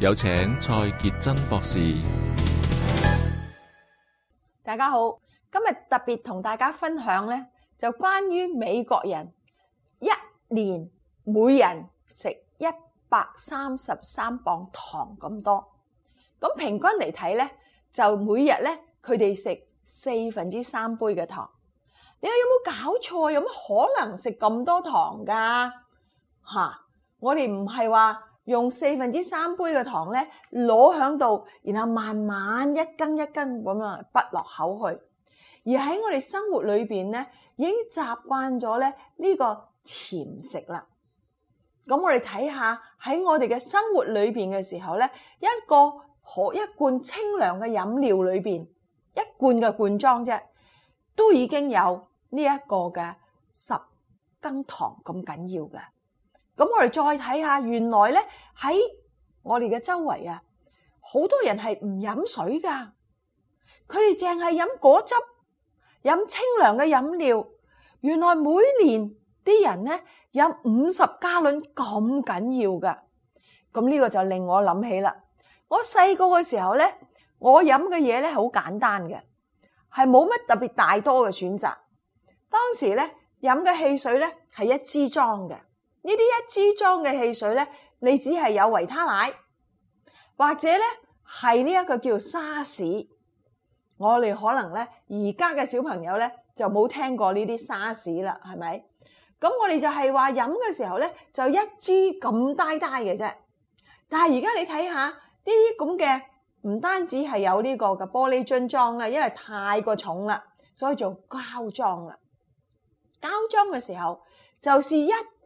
有請蔡潔珍博士。大家好，今日特別同大家分享咧，就關於美國人一年每人食一百三十三磅糖咁多，咁平均嚟睇咧，就每日咧佢哋食四分之三杯嘅糖。你話有冇搞錯？有乜可能食咁多糖㗎？吓，我哋唔係話。用四分之三杯嘅糖咧，攞響度，然後慢慢一羹一羹咁樣潷落口去。而喺我哋生活裏邊咧，已經習慣咗咧呢個甜食啦。咁我哋睇下喺我哋嘅生活裏邊嘅時候咧，一個可一罐清涼嘅飲料裏邊，一罐嘅罐裝啫，都已經有呢一個嘅十羹糖咁緊要嘅。咁我哋再睇下，原來咧喺我哋嘅周圍啊，好多人係唔飲水噶，佢哋淨係飲果汁、飲清涼嘅飲料。原來每年啲人呢飲五十加侖咁緊要噶。咁呢個就令我諗起啦。我細個嘅時候咧，我飲嘅嘢咧好簡單嘅，係冇乜特別大多嘅選擇。當時咧飲嘅汽水咧係一支裝嘅。呢啲一支裝嘅汽水咧，你只係有維他奶或者咧係呢一個叫沙士，我哋可能咧而家嘅小朋友咧就冇聽過呢啲沙士啦，係咪？咁我哋就係話飲嘅時候咧就一支咁低低嘅啫。但係而家你睇下呢啲咁嘅，唔單止係有呢個嘅玻璃樽裝啦，因為太過重啦，所以做膠裝啦。膠裝嘅時候就是一。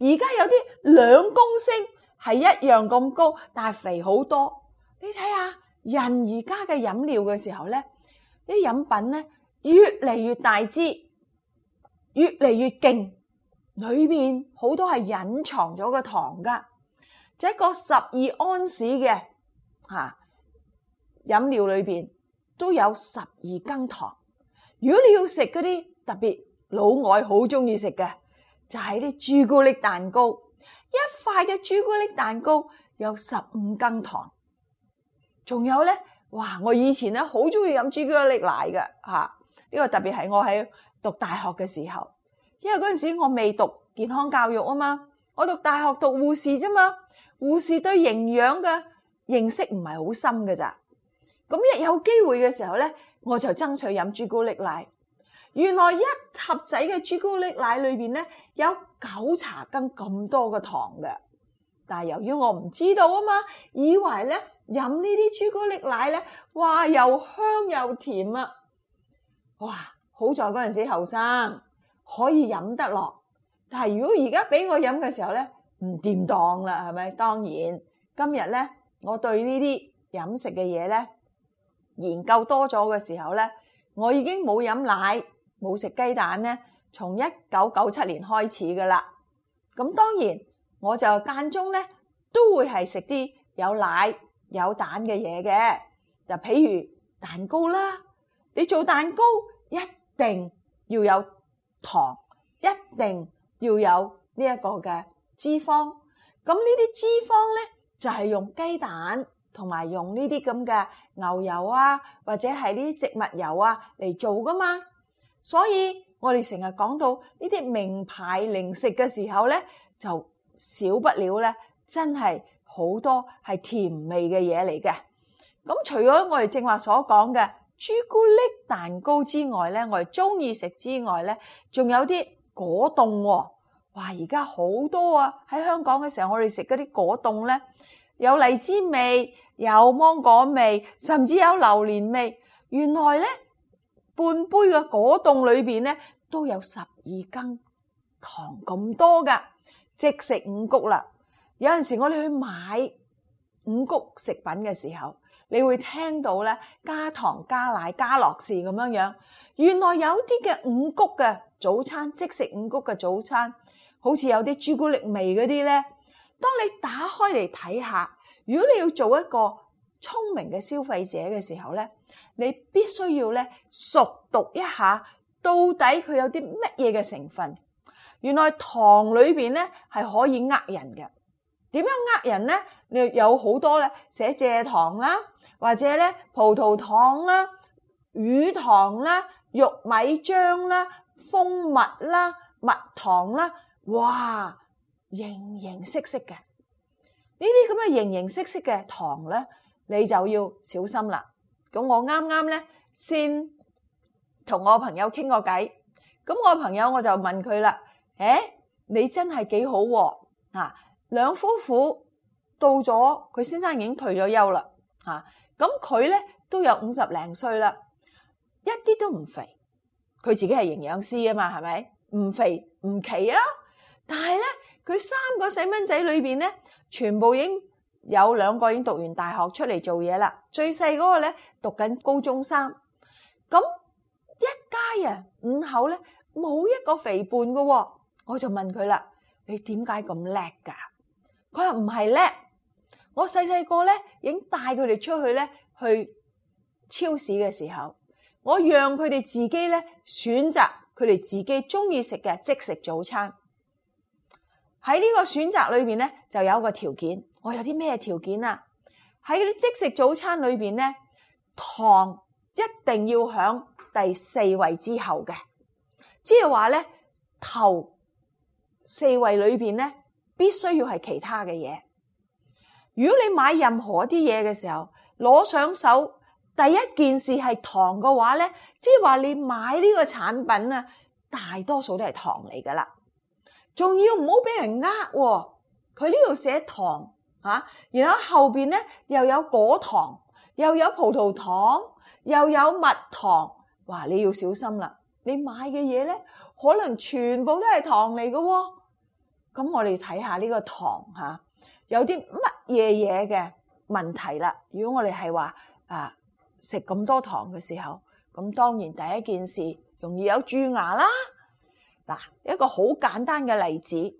而家有啲兩公升係一樣咁高，但係肥好多。你睇下人而家嘅飲料嘅時候咧，啲飲品咧越嚟越大支，越嚟越勁，裏面好多係隱藏咗嘅糖噶。就係，一個十二安士嘅吓飲料裏邊都有十二羹糖。如果你要食嗰啲特別老外好中意食嘅。就係啲朱古力蛋糕，一塊嘅朱古力蛋糕有十五羹糖。仲有咧，哇！我以前咧好中意飲朱古力奶嘅吓，呢、啊這個特別係我喺讀大學嘅時候，因為嗰陣時我未讀健康教育啊嘛，我讀大學讀護士啫嘛，護士對營養嘅認識唔係好深嘅咋。咁一有機會嘅時候咧，我就爭取飲朱古力奶。原來一盒仔嘅朱古力奶裏邊咧有九茶羹咁多嘅糖嘅，但係由於我唔知道啊嘛，以為咧飲呢啲朱古力奶咧，哇又香又甜啊！哇，好在嗰陣時後生可以飲得落，但係如果而家俾我飲嘅時候咧，唔掂當啦，係咪？當然，今日咧我對呢啲飲食嘅嘢咧研究多咗嘅時候咧，我已經冇飲奶。冇食雞蛋呢，從一九九七年開始㗎喇。咁當然我就間中呢都會係食啲有奶有蛋嘅嘢嘅，就譬如蛋糕啦。你做蛋糕一定要有糖，一定要有呢一個嘅脂肪。咁呢啲脂肪呢就係用雞蛋同埋用呢啲咁嘅牛油啊，或者係呢啲植物油啊嚟做㗎嘛。所以，我哋成日講到，呢啲名牌零食嘅時候呢，就少不了呢，真係好多係甜味嘅嘢嚟嘅。咁，除咗我哋正話所講嘅朱古力蛋糕之外呢，我哋鍾意食之外呢，仲有啲果凍喎。哇，而家好多啊，喺香港嘅時候我哋食嗰啲果凍呢，有荔枝味、有芒果味、甚至有榴槤味。原來呢，半杯嘅果凍裏邊咧，都有十二羹糖咁多㗎，即食五穀啦。有陣時我哋去買五穀食品嘅時候，你會聽到呢，加糖、加奶、加樂士咁樣樣。原來有啲嘅五穀嘅早餐，即食五穀嘅早餐，好似有啲朱古力味嗰啲呢。當你打開嚟睇下，如果你要做一個聰明嘅消費者嘅時候呢。你必須要咧熟讀一下，到底佢有啲乜嘢嘅成分？原來糖裏邊咧係可以呃人嘅。點樣呃人咧？你有好多咧，寫蔗糖啦，或者咧葡萄糖啦、乳糖啦、玉米漿啦、蜂蜜啦、蜜糖啦，哇，形形色色嘅呢啲咁嘅形形色色嘅糖咧，你就要小心啦。咁我啱啱咧，先同我朋友傾個偈。咁我朋友我就問佢啦，誒、哎，你真係幾好喎？啊，兩夫婦到咗，佢先生已經退咗休啦。啊，咁佢咧都有五十零歲啦，一啲都唔肥。佢自己係營養師啊嘛，係咪唔肥唔奇啊？但係咧，佢三個細蚊仔裏邊咧，全部已經。有兩個已經讀完大學出嚟做嘢啦，最細嗰個咧讀緊高中三。咁一家人五口咧冇一個肥胖嘅喎。哦，我就問佢啦，你點解咁叻㗎？佢話唔係叻，我細細個咧已經帶佢哋出去咧去超市嘅時候，我讓佢哋自己咧選擇佢哋自己中意食嘅，即食早餐喺呢個選擇裏邊咧就有個條件。我有啲咩條件啊？喺啲即食早餐裏邊咧，糖一定要響第四位之後嘅，即係話咧，頭四位裏邊咧，必須要係其他嘅嘢。如果你買任何一啲嘢嘅時候，攞上手第一件事係糖嘅話咧，即係話你買呢個產品啊，大多數都係糖嚟噶啦，仲要唔好俾人呃、啊，佢呢度寫糖。啊！然後後邊咧又有果糖，又有葡萄糖，又有蜜糖。哇！你要小心啦，你買嘅嘢咧可能全部都係糖嚟㗎喎。咁我哋睇下呢個糖吓、啊，有啲乜嘢嘢嘅問題啦。如果我哋係話啊食咁多糖嘅時候，咁當然第一件事容易有蛀牙啦。嗱，一個好簡單嘅例子，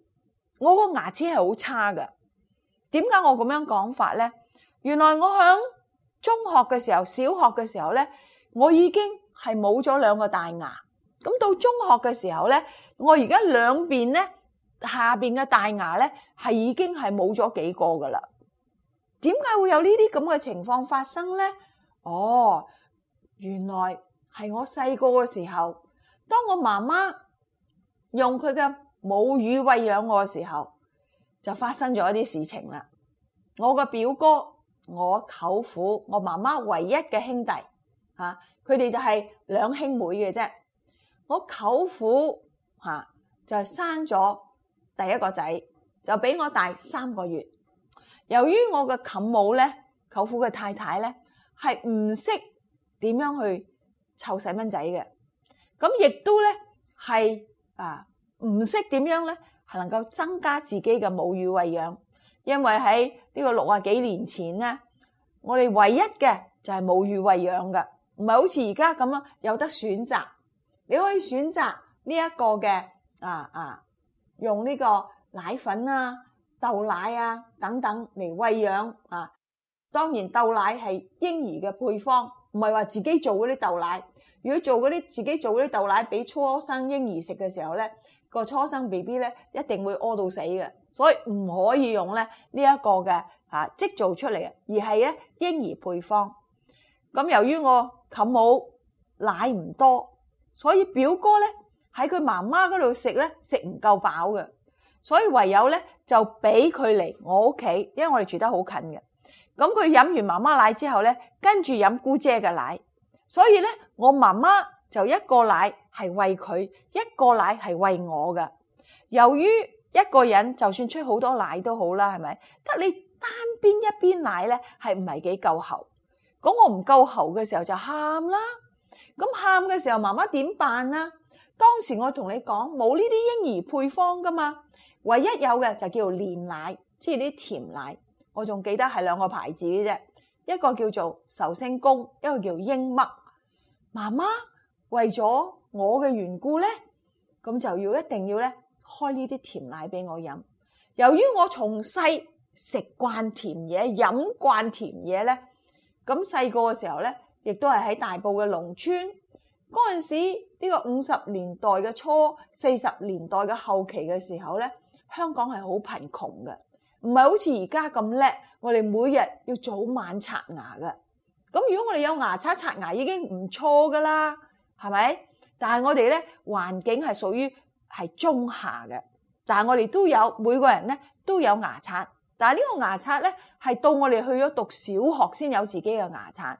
我個牙齒係好差嘅。點解我咁樣講法呢？原來我響中學嘅時候、小學嘅時候呢，我已經係冇咗兩個大牙。咁到中學嘅時候呢，我而家兩邊呢下邊嘅大牙呢係已經係冇咗幾個噶啦。點解會有呢啲咁嘅情況發生呢？哦，原來係我細個嘅時候，當我媽媽用佢嘅母乳餵養我嘅時候。就發生咗一啲事情啦。我個表哥、我舅父、我媽媽唯一嘅兄弟，吓佢哋就係兩兄妹嘅啫。我舅父吓、啊、就係生咗第一個仔，就比我大三個月。由於我嘅舅母咧，舅父嘅太太咧係唔識點樣去湊細蚊仔嘅，咁、啊、亦都咧係啊唔識點樣咧。係能夠增加自己嘅母乳餵養，因為喺呢個六十幾年前呢，我哋唯一嘅就係母乳餵養嘅，唔係好似而家咁樣有得選擇。你可以選擇呢一個嘅啊啊，用呢個奶粉啊、豆奶啊等等嚟餵養啊。當然豆奶係嬰兒嘅配方，唔係話自己做嗰啲豆奶。如果做嗰啲自己做嗰啲豆奶俾初生嬰兒食嘅時候呢。個初生 B B 咧，一定會屙到死嘅，所以唔可以用咧呢一個嘅嚇即做出嚟嘅，而係咧嬰兒配方。咁由於我妗母奶唔多，所以表哥咧喺佢媽媽嗰度食咧食唔夠飽嘅，所以唯有咧就俾佢嚟我屋企，因為我哋住得好近嘅。咁佢飲完媽媽奶之後咧，跟住飲姑姐嘅奶，所以咧我媽媽。就一個奶係餵佢，一個奶係餵我嘅。由於一個人就算出好多奶都好啦，係咪？得你單邊一邊奶咧，係唔係幾夠喉？咁我唔夠喉嘅時候就喊啦。咁喊嘅時候，媽媽點辦啊？當時我同你講，冇呢啲嬰兒配方噶嘛，唯一有嘅就叫煉奶，即係啲甜奶。我仲記得係兩個牌子嘅啫，一個叫做壽星公，一個叫做鷹嘜。媽媽。為咗我嘅緣故呢，咁就要一定要咧開呢啲甜奶俾我飲。由於我從細食慣甜嘢，飲慣甜嘢呢，咁細個嘅時候呢，亦都係喺大埔嘅農村嗰陣時，呢個五十年代嘅初四十年代嘅後期嘅時候呢，香港係好貧窮嘅，唔係好似而家咁叻。我哋每日要早晚刷牙嘅，咁如果我哋有牙刷刷牙已經唔錯噶啦。係咪？但係我哋咧環境係屬於係中下嘅，但係我哋都有每個人咧都有牙刷，但係呢個牙刷咧係到我哋去咗讀小學先有自己嘅牙刷。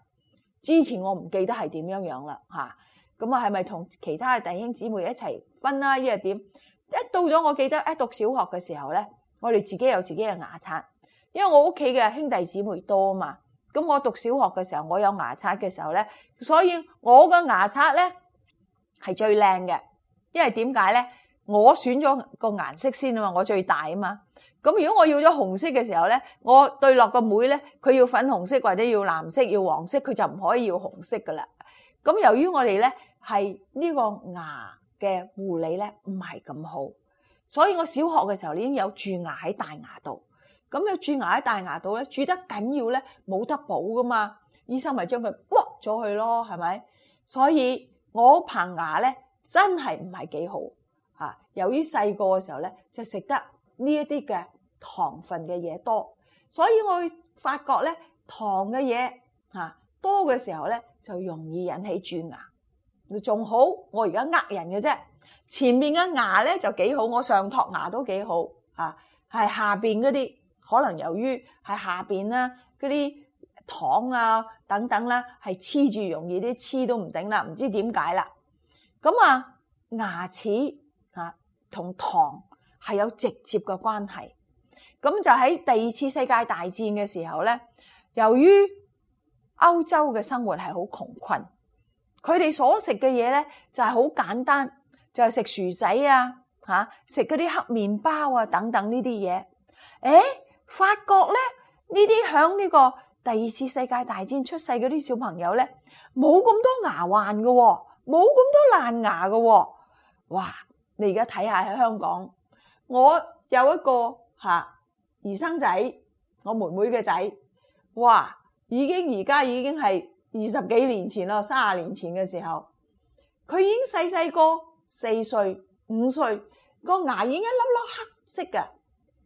之前我唔記得係點樣樣啦嚇，咁啊係咪同其他弟兄姊妹一齊分啦、啊？依啊點？一到咗我記得一讀小學嘅時候咧，我哋自己有自己嘅牙刷，因為我屋企嘅兄弟姊妹多嘛。咁我讀小學嘅時候，我有牙刷嘅時候咧，所以我個牙刷咧係最靚嘅，因為點解咧？我選咗個顏色先啊嘛，我最大啊嘛。咁如果我要咗紅色嘅時候咧，我對落個妹咧，佢要粉紅色或者要藍色、要黃色，佢就唔可以要紅色㗎喇。咁由於我哋咧係呢個牙嘅護理咧唔係咁好，所以我小學嘅時候已經有蛀牙喺大牙度。咁咧蛀牙喺大牙度咧，蛀得緊要咧冇得補噶嘛，醫生咪將佢剝咗佢咯，係咪？所以我棚牙咧真係唔係幾好啊！由於細個嘅時候咧就食得呢一啲嘅糖分嘅嘢多，所以我發覺咧糖嘅嘢啊多嘅時候咧就容易引起蛀牙。仲好，我而家呃人嘅啫，前面嘅牙咧就幾好，我上托牙都幾好啊，係下面嗰啲。可能由於喺下邊啦、啊，嗰啲糖啊等等啦、啊，係黐住容易啲黐都唔頂啦，唔知點解啦。咁啊，牙齒嚇同糖係有直接嘅關係。咁就喺第二次世界大戰嘅時候咧，由於歐洲嘅生活係好窮困，佢哋所食嘅嘢咧就係、是、好簡單，就係、是、食薯仔啊嚇，食嗰啲黑麵包啊等等呢啲嘢，誒。發覺咧呢啲響呢個第二次世界大戰出世嗰啲小朋友咧，冇咁多牙患嘅、喎，冇咁多爛牙嘅。哇！你而家睇下喺香港，我有一個吓、啊、兒生仔，我妹妹嘅仔，哇！已經而家已經係二十幾年前咯，卅年前嘅時候，佢已經細細個，四歲、五歲，個牙已經一粒粒黑色嘅。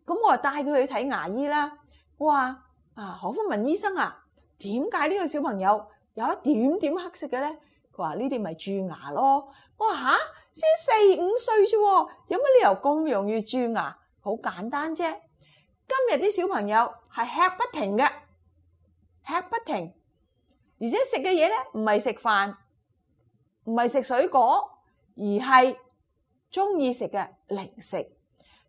咁我就帶佢去睇牙醫啦。我話，啊何芬文醫生啊，點解呢個小朋友有一點點黑色嘅咧？佢話呢啲咪蛀牙咯。我話吓，先四五歲咋，有乜理由咁容易蛀牙？好簡單啫。今日啲小朋友係吃不停嘅，吃不停，而且食嘅嘢咧唔係食飯，唔係食水果，而係中意食嘅零食。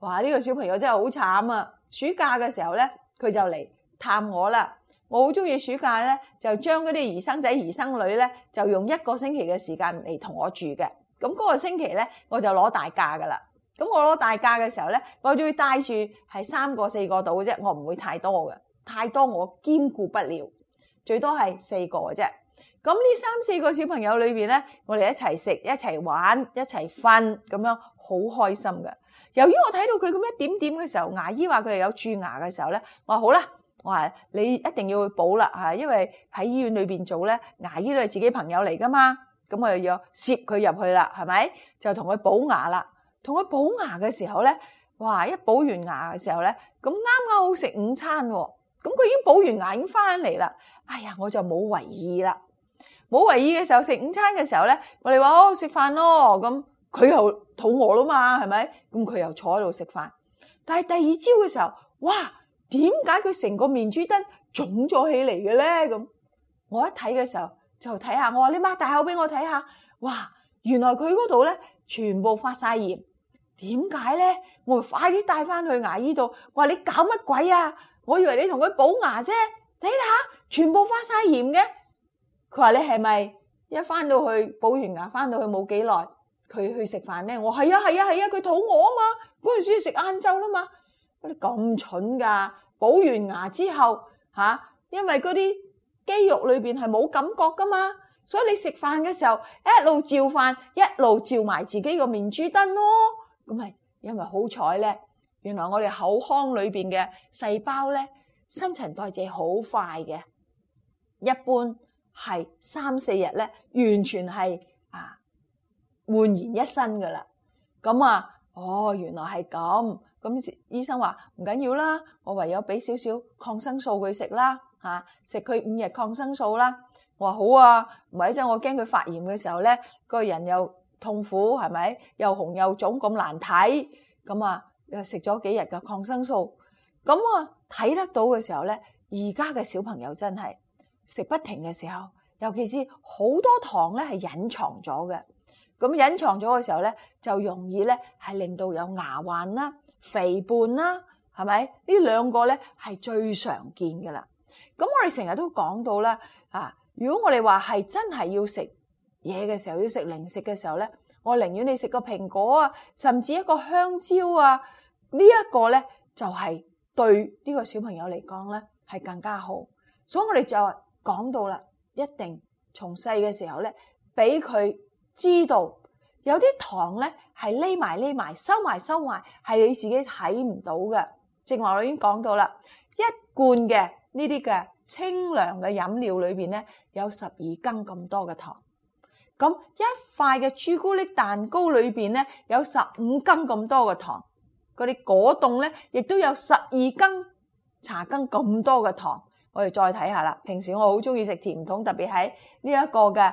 哇！呢、這個小朋友真係好慘啊！暑假嘅時候咧，佢就嚟探我啦。我好中意暑假咧，就將嗰啲姨甥仔姨甥女咧，就用一個星期嘅時間嚟同我住嘅。咁、那、嗰個星期咧，我就攞大假噶啦。咁我攞大假嘅時候咧，我仲要帶住係三個四個度嘅啫，我唔會太多嘅，太多我兼顧不了，最多係四個嘅啫。咁呢三四個小朋友裏邊咧，我哋一齊食、一齊玩、一齊瞓，咁樣好開心嘅。由於我睇到佢咁一點點嘅時候，牙醫話佢係有蛀牙嘅時候咧，我話好啦，我話你一定要去補啦嚇，因為喺醫院裏邊做咧，牙醫都係自己朋友嚟噶嘛，咁我又要攝佢入去啦，係咪？就同佢補牙啦。同佢補牙嘅時候咧，哇！一補完牙嘅時候咧，咁啱啱好食午餐喎、哦，咁佢已經補完牙已經翻嚟啦。哎呀，我就冇為意啦，冇為意嘅時候食午餐嘅時候咧，我哋話哦，食飯咯咁。佢又肚餓囉嘛，係咪？咁佢又坐喺度食飯。但係第二朝嘅時候，哇，點解佢成個面珠墩腫咗起嚟嘅咧？咁我一睇嘅時候就睇下，我話你擘大口俾我睇下，哇，原來佢嗰度咧全部發晒炎，點解咧？我快啲帶翻去牙醫度。我話你搞乜鬼啊？我以為你同佢補牙啫。睇下全部發晒炎嘅。佢話你係咪一翻到去補完牙，翻到去冇幾耐？佢去食飯咧，我係啊係啊係啊，佢、啊啊、肚餓啊嘛，嗰陣時要食晏晝啦嘛。乜你咁蠢噶？補完牙之後吓、啊，因為嗰啲肌肉裏邊係冇感覺噶嘛，所以你食飯嘅時候一路照飯，一路照埋自己個面珠墩咯。咁咪因為好彩咧，原來我哋口腔裏邊嘅細胞咧，新陳代謝好快嘅，一般係三四日咧，完全係。煥然一新噶啦，咁啊，哦，原來係咁。咁醫生話唔緊要啦，我唯有俾少少抗生素佢食啦，吓食佢五日抗生素啦。我話好啊，唔係即係我驚佢發炎嘅時候呢，個人又痛苦，係咪又紅又腫咁難睇？咁啊，食咗幾日嘅抗生素，咁啊睇得到嘅時候呢，而家嘅小朋友真係食不停嘅時候，尤其是好多糖呢係隱藏咗嘅。咁隱藏咗嘅時候咧，就容易咧係令到有牙患啦、肥胖啦，係咪？呢兩個咧係最常見嘅啦。咁我哋成日都講到啦，啊！如果我哋話係真係要食嘢嘅時候，要食零食嘅時候咧，我寧願你食個蘋果啊，甚至一個香蕉啊，呢一個咧就係對呢個小朋友嚟講咧係更加好。所以我哋就講到啦，一定從細嘅時候咧，俾佢知道有啲糖咧係匿埋匿埋、收埋收埋，係你自己睇唔到嘅。正話我已經講到啦，一罐嘅呢啲嘅清涼嘅飲料裏邊咧，有十二羹咁多嘅糖。咁一塊嘅朱古力蛋糕裏邊咧，有十五羹咁多嘅糖。嗰啲果凍咧，亦都有十二羹茶羹咁多嘅糖。我哋再睇下啦。平時我好中意食甜筒，特別喺呢一個嘅。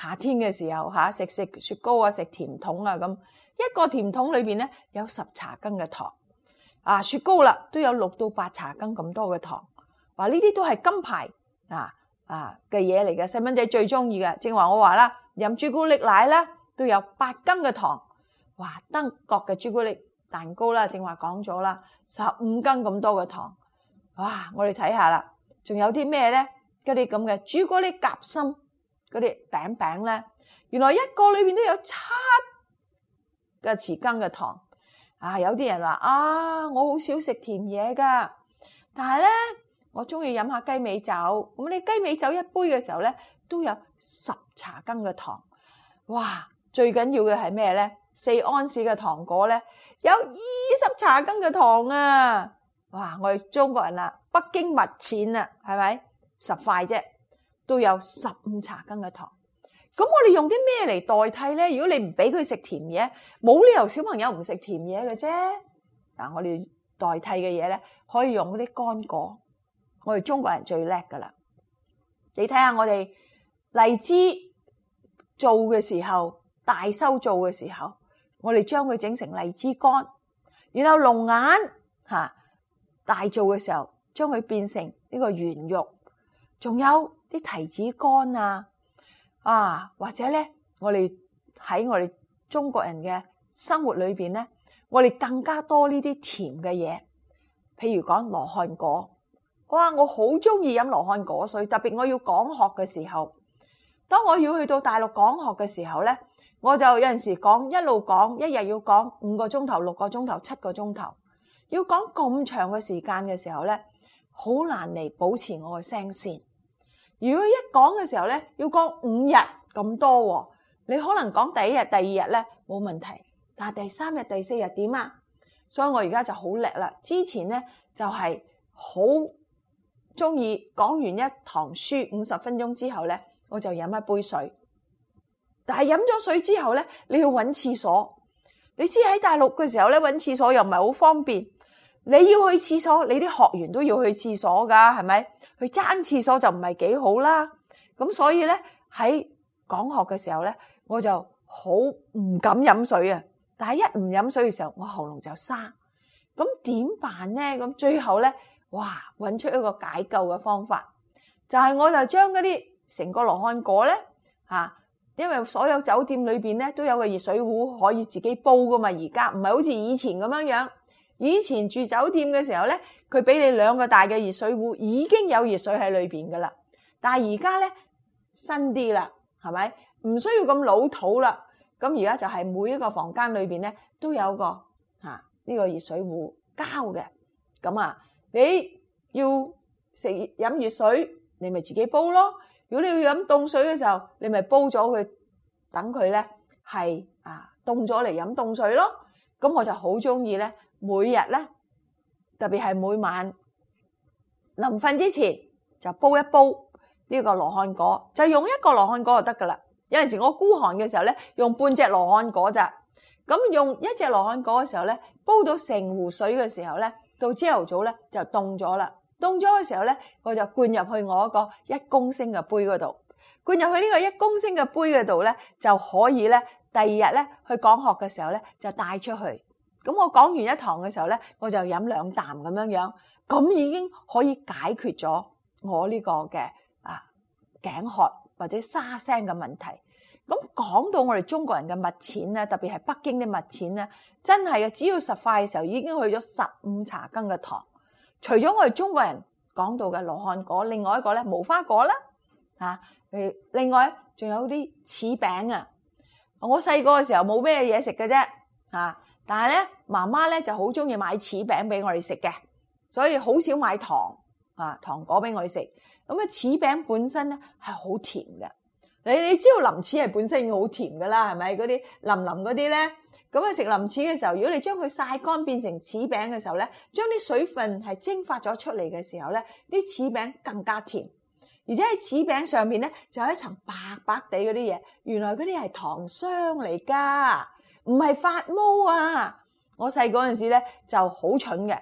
夏天嘅時候嚇，食食雪糕啊，食甜筒啊咁，一個甜筒裏邊咧有十茶羹嘅糖，啊雪糕啦都有六到八茶羹咁多嘅糖，話呢啲都係金牌啊啊嘅嘢嚟嘅，細蚊仔最中意嘅。正話我話啦，飲朱古力奶咧都有八羹嘅糖，哇！登國嘅朱古力蛋糕啦，正話講咗啦，十五羹咁多嘅糖，哇！我哋睇下啦，仲有啲咩咧？嗰啲咁嘅朱古力夾心。嗰啲餅餅咧，原來一個裏邊都有七個匙羹嘅糖。啊，有啲人話啊，我好少食甜嘢噶，但係咧，我中意飲下雞尾酒。咁你雞尾酒一杯嘅時候咧，都有十茶羹嘅糖。哇！最緊要嘅係咩咧？四安士嘅糖果咧，有二十茶羹嘅糖啊！哇！我哋中國人啊，北京蜜餞啊，係咪十塊啫？都有十五茶羹嘅糖，咁我哋用啲咩嚟代替咧？如果你唔俾佢食甜嘢，冇理由小朋友唔食甜嘢嘅啫。嗱，我哋代替嘅嘢咧，可以用嗰啲乾果。我哋中國人最叻噶啦，你睇下我哋荔枝做嘅時候，大收做嘅時候，我哋將佢整成荔枝乾，然後龍眼吓大做嘅時候，將佢變成呢個圓肉，仲有。啲提子乾啊，啊或者咧，我哋喺我哋中國人嘅生活裏邊咧，我哋更加多呢啲甜嘅嘢，譬如講羅漢果，哇！我好中意飲羅漢果水，特別我要講學嘅時候，當我要去到大陸講學嘅時候咧，我就有陣時講一路講，一日要講五個鐘頭、六個鐘頭、七個鐘頭，要講咁長嘅時間嘅時候咧，好難嚟保持我嘅聲線。如果一講嘅時候咧，要講五日咁多喎，你可能講第一日、第二日咧冇問題，但係第三日、第四日點啊？所以我而家就好叻啦。之前咧就係好中意講完一堂書五十分鐘之後咧，我就飲一杯水。但係飲咗水之後咧，你要搵廁所。你知喺大陸嘅時候咧，搵廁所又唔係好方便。你要去廁所，你啲學員都要去廁所噶，係咪？去爭廁所就唔係幾好啦。咁所以咧，喺講學嘅時候咧，我就好唔敢飲水啊。但係一唔飲水嘅時候，我喉嚨就沙。咁點辦呢？咁最後咧，哇！搵出一個解救嘅方法，就係我就將嗰啲成個羅漢果咧，吓，因為所有酒店裏邊咧都有個熱水壺可以自己煲噶嘛。而家唔係好似以前咁樣樣。以前住酒店嘅時候咧，佢俾你兩個大嘅熱水壺，已經有熱水喺裏邊噶啦。但係而家咧新啲啦，係咪唔需要咁老土啦？咁而家就係每一個房間裏邊咧都有個吓呢、啊，這個熱水壺膠嘅咁啊。你要食飲熱水，你咪自己煲咯。如果你要飲凍水嘅時候，你咪煲咗佢等佢咧係啊凍咗嚟飲凍水咯。咁、嗯、我就好中意咧。每日咧，特別係每晚臨瞓之前就煲一煲呢個羅漢果，就用一個羅漢果就得㗎喇。有陣時我孤寒嘅時候咧，用半隻羅漢果咋。咁用一隻羅漢果嘅時候咧，煲到成壺水嘅時候咧，到朝頭早咧就凍咗啦。凍咗嘅時候咧，我就灌入去我一個一公升嘅杯嗰度。灌入去呢個一公升嘅杯嗰度咧，就可以咧第二日咧去講學嘅時候咧就帶出去。咁我講完一堂嘅時候咧，我就飲兩啖咁樣樣，咁已經可以解決咗我呢個嘅啊頸渴或者沙聲嘅問題。咁講到我哋中國人嘅蜜餞咧，特別係北京嘅蜜餞咧，真係啊！只要十塊嘅時候已經去咗十五茶羹嘅糖。除咗我哋中國人講到嘅羅漢果，另外一個咧無花果啦，嚇，佢另外仲有啲柿餅啊。我細個嘅時候冇咩嘢食嘅啫，嚇。但係咧，媽媽咧就好中意買柿餅俾我哋食嘅，所以好少買糖啊糖果俾我哋食。咁啊，柿餅本身咧係好甜嘅。你你知道林柿係本身好甜噶啦，係咪嗰啲淋淋嗰啲咧？咁啊，食林柿嘅時候，如果你將佢曬乾變成柿餅嘅時候咧，將啲水分係蒸發咗出嚟嘅時候咧，啲柿餅更加甜。而且喺柿餅上面咧就有一層白白地嗰啲嘢，原來嗰啲係糖霜嚟噶。唔係發毛啊！我細嗰陣時咧就好蠢嘅，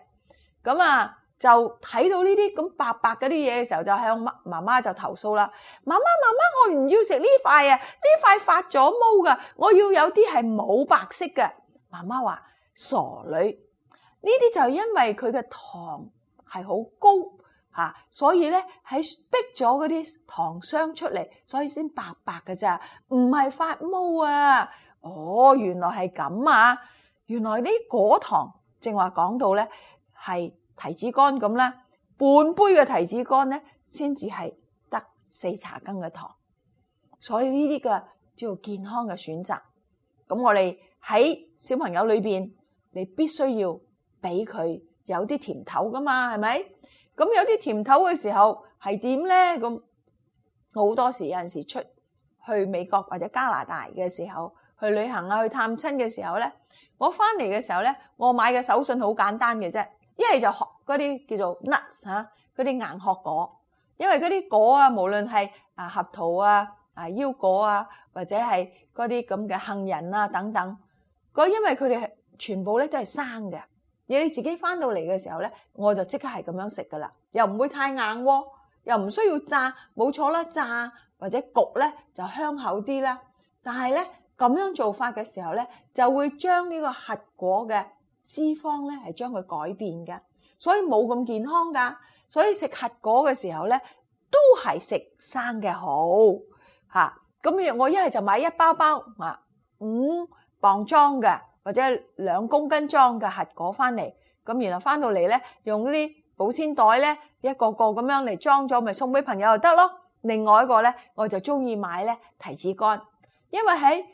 咁啊就睇到呢啲咁白白嗰啲嘢嘅時候，就向媽媽媽就投訴啦。媽媽媽媽，我唔要食呢塊啊！呢塊發咗毛噶，我要有啲係冇白色嘅。媽媽話：傻女，呢啲就因為佢嘅糖係好高嚇、啊，所以咧喺逼咗嗰啲糖霜出嚟，所以先白白嘅咋，唔係發毛啊！哦，原來係咁啊！原來呢啲果糖正話講到咧，係提子乾咁咧，半杯嘅提子乾咧先至係得四茶羹嘅糖，所以呢啲嘅叫做健康嘅選擇。咁我哋喺小朋友裏邊，你必須要俾佢有啲甜頭噶嘛，係咪？咁有啲甜頭嘅時候係點咧？咁我好多時有陣時出去美國或者加拿大嘅時候，去旅行啊，去探親嘅時候咧，我翻嚟嘅時候咧，我買嘅手信好簡單嘅啫，一係就學嗰啲叫做 Nuts 嚇，嗰啲硬殼果，因為嗰啲果啊，無論係啊合桃啊、啊腰果啊，或者係嗰啲咁嘅杏仁啊等等。嗰因為佢哋係全部咧都係生嘅，而你你自己翻到嚟嘅時候咧，我就即刻係咁樣食噶啦，又唔會太硬喎，又唔需要炸，冇錯啦，炸或者焗咧就香口啲啦，但係咧。咁樣做法嘅時候咧，就會將呢個核果嘅脂肪咧係將佢改變嘅，所以冇咁健康噶。所以食核果嘅時候咧，都係食生嘅好嚇。咁我一係就買一包包啊五磅裝嘅，或者兩公斤裝嘅核果翻嚟。咁然後翻到嚟咧，用呢啲保鮮袋咧一個個咁樣嚟裝咗，咪送俾朋友就得咯。另外一個咧，我就中意買咧提子乾，因為喺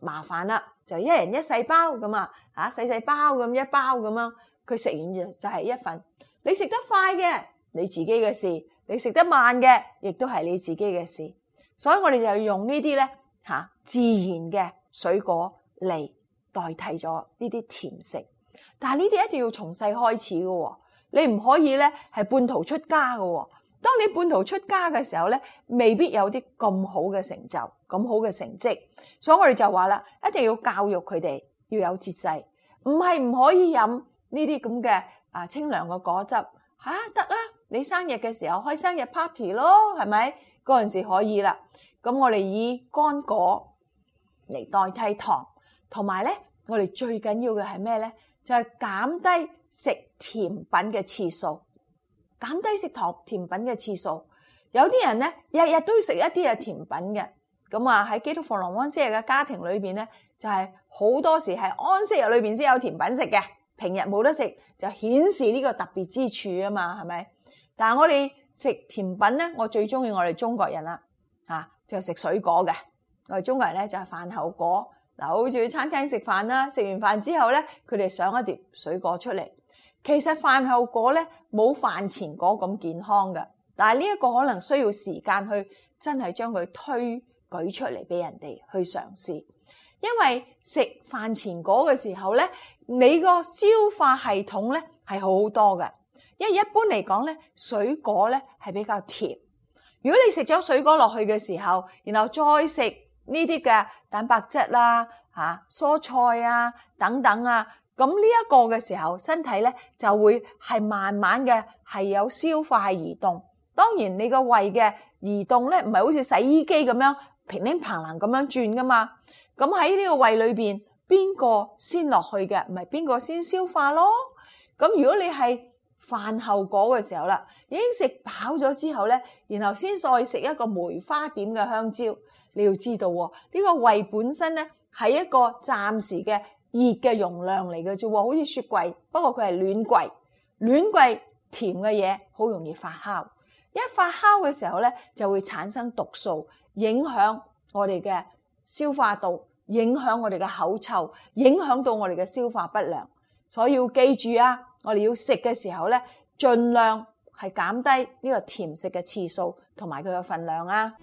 麻煩啦，就一人一細包咁啊，啊細細包咁一包咁樣，佢食完就就係一份。你食得快嘅，你自己嘅事；你食得慢嘅，亦都係你自己嘅事。所以我哋就要用呢啲咧吓自然嘅水果嚟代替咗呢啲甜食。但係呢啲一定要從細開始㗎喎，你唔可以咧係半途出家㗎喎。當你半途出家嘅時候咧，未必有啲咁好嘅成就，咁好嘅成績，所以我哋就話啦，一定要教育佢哋要有節制，唔係唔可以飲呢啲咁嘅啊清涼嘅果汁嚇得啦，你生日嘅時候開生日 party 咯，係咪？嗰陣時可以啦？咁我哋以乾果嚟代替糖，同埋咧，我哋最緊要嘅係咩咧？就係、是、減低食甜品嘅次數。減低食糖甜品嘅次數，有啲人咧，日日都食一啲嘅甜品嘅咁啊。喺基督復臨安息日嘅家庭裏邊咧，就係、是、好多時係安息日裏邊先有甜品食嘅，平日冇得食就顯示呢個特別之處啊嘛，係咪？但係我哋食甜品咧，我最中意我哋中國人啦吓、啊，就食、是、水果嘅。我哋中國人咧就係、是、飯後果，嗱，好似去餐廳食飯啦，食完飯之後咧，佢哋上一碟水果出嚟，其實飯後果咧。冇飯前果咁健康嘅，但係呢一個可能需要時間去真係將佢推舉出嚟俾人哋去嘗試，因為食飯前果嘅時候咧，你個消化系統咧係好好多嘅，因為一般嚟講咧，水果咧係比較甜，如果你食咗水果落去嘅時候，然後再食呢啲嘅蛋白質啦、啊、嚇蔬菜啊等等啊。咁呢一個嘅時候，身體咧就會係慢慢嘅係有消化系移動。當然你個胃嘅移動咧，唔係好似洗衣機咁樣，乒呤乓啷咁樣轉噶嘛。咁喺呢個胃裏邊，邊個先落去嘅，唔係邊個先消化咯？咁如果你係飯後果嘅時候啦，已經食飽咗之後咧，然後先再食一個梅花點嘅香蕉，你要知道喎，呢個胃本身咧係一個暫時嘅。熱嘅容量嚟嘅啫，好似雪櫃，不過佢係暖櫃。暖櫃甜嘅嘢好容易發酵，一發酵嘅時候咧就會產生毒素，影響我哋嘅消化道，影響我哋嘅口臭，影響到我哋嘅消化不良。所以要記住啊，我哋要食嘅時候咧，盡量係減低呢個甜食嘅次數同埋佢嘅份量啊。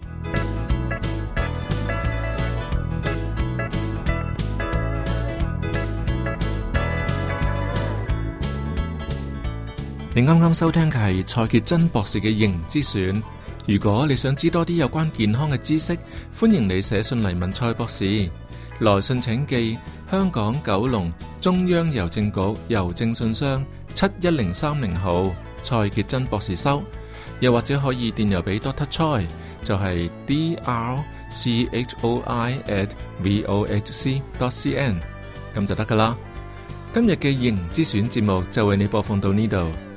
你啱啱收聽嘅係蔡潔貞博士嘅營之選。如果你想知多啲有關健康嘅知識，歡迎你寫信嚟問蔡博士。來信請寄香港九龍中央郵政局郵政信箱七一零三零號蔡潔貞博士收。又或者可以電郵俾 doctor Choi，就係 d r c h o i at v o h c dot c n，咁就得噶啦。今日嘅營之選節目就為你播放到呢度。